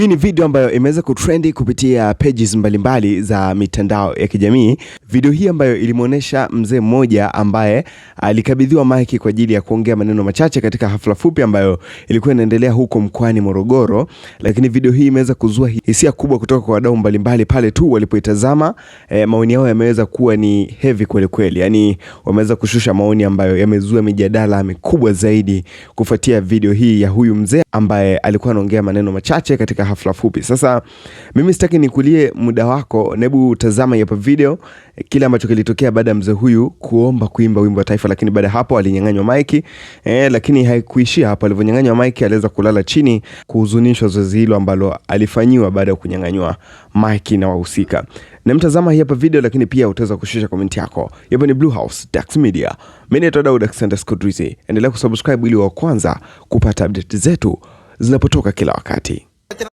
Hii ni video ambayo imeweza kutrendi kupitia pages mbalimbali za mitandao ya kijamii. Video hii ambayo ilimwonyesha mzee mmoja ambaye alikabidhiwa maiki kwa ajili ya kuongea maneno machache katika hafla fupi ambayo ilikuwa inaendelea huko mkoani Morogoro, lakini video hii imeweza kuzua hisia kubwa kutoka kwa wadau mbalimbali pale tu walipoitazama. E, maoni yao yameweza kuwa ni heavy kweli kweli, yaani wameweza kushusha maoni ambayo yamezua mijadala mikubwa zaidi kufuatia video hii ya huyu mzee ambaye alikuwa anaongea maneno machache katika katika hafla fupi. Sasa mimi sitaki nikulie muda wako, nebu tazama hapa video kile ambacho kilitokea baada ya mzee huyu kuomba kuimba wimbo wa taifa, lakini baada hapo alinyang'anywa maiki eh, lakini haikuishia hapo. Alivyonyang'anywa maiki, aliweza kulala chini kuhuzunishwa zoezi hilo ambalo alifanyiwa baada ya kunyang'anywa maiki na wahusika. Namtazama hii hapa video, lakini pia utaweza kushusha komenti yako. Hapa ni Blue House Dax Media, mimi ni Daud Alexander Scodrizi. Endelea kusubscribe ili wa kwanza kupata update zetu zinapotoka kila wakati.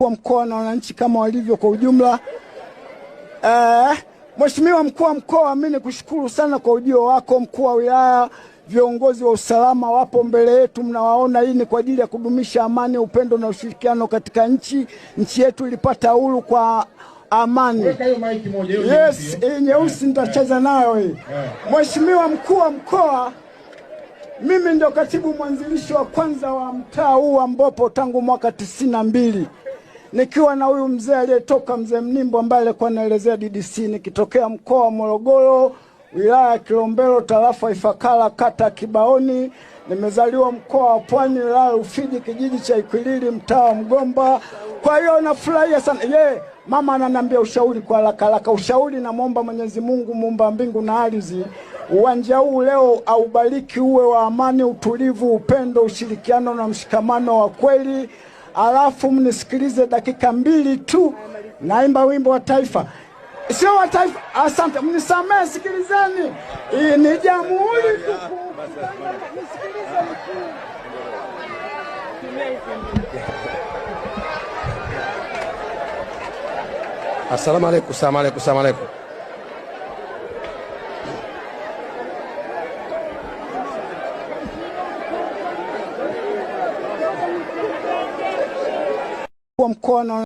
Kwa mkoa na wananchi kama walivyo kwa ujumla. Uh, Mheshimiwa mkuu wa mkoa, mimi nikushukuru sana kwa ujio wako. Mkuu wa wilaya, viongozi wa usalama wapo mbele yetu, mnawaona. Hii ni kwa ajili ya kudumisha amani, upendo na ushirikiano katika nchi. Nchi yetu ilipata uhuru kwa amani. Yes, eh, nyeusi nitacheza nayo hii. Mheshimiwa mkuu wa mkoa mimi ndo katibu mwanzilishi wa kwanza wa mtaa huu wa Mbopo tangu mwaka tisini na mbili nikiwa na huyu mzee aliyetoka mzee Mnimbo ambaye alikuwa anaelezea DDC nikitokea mkoa wa Morogoro, wilaya ya Kilombero, tarafa Ifakara, kata Kibaoni. Nimezaliwa mkoa wa Pwani, wilaya Rufiji, kijiji cha Ikwilili, mtaa wa Mgomba. Kwa hiyo nafurahia sana ye mama ananiambia ushauri kwa haraka haraka, ushauri namwomba Mwenyezi Mungu muumba mbingu na ardhi Uwanja huu leo aubariki uwe wa amani, utulivu, upendo, ushirikiano na mshikamano wa kweli. Alafu mnisikilize dakika mbili tu, naimba wimbo wa taifa, sio wa taifa. Asante, mnisamehe, sikilizeni. Hii ni jamhuri tukufu. Asalamu alaykum, salamu alaykum, salamu alaykum. kuungwa mkono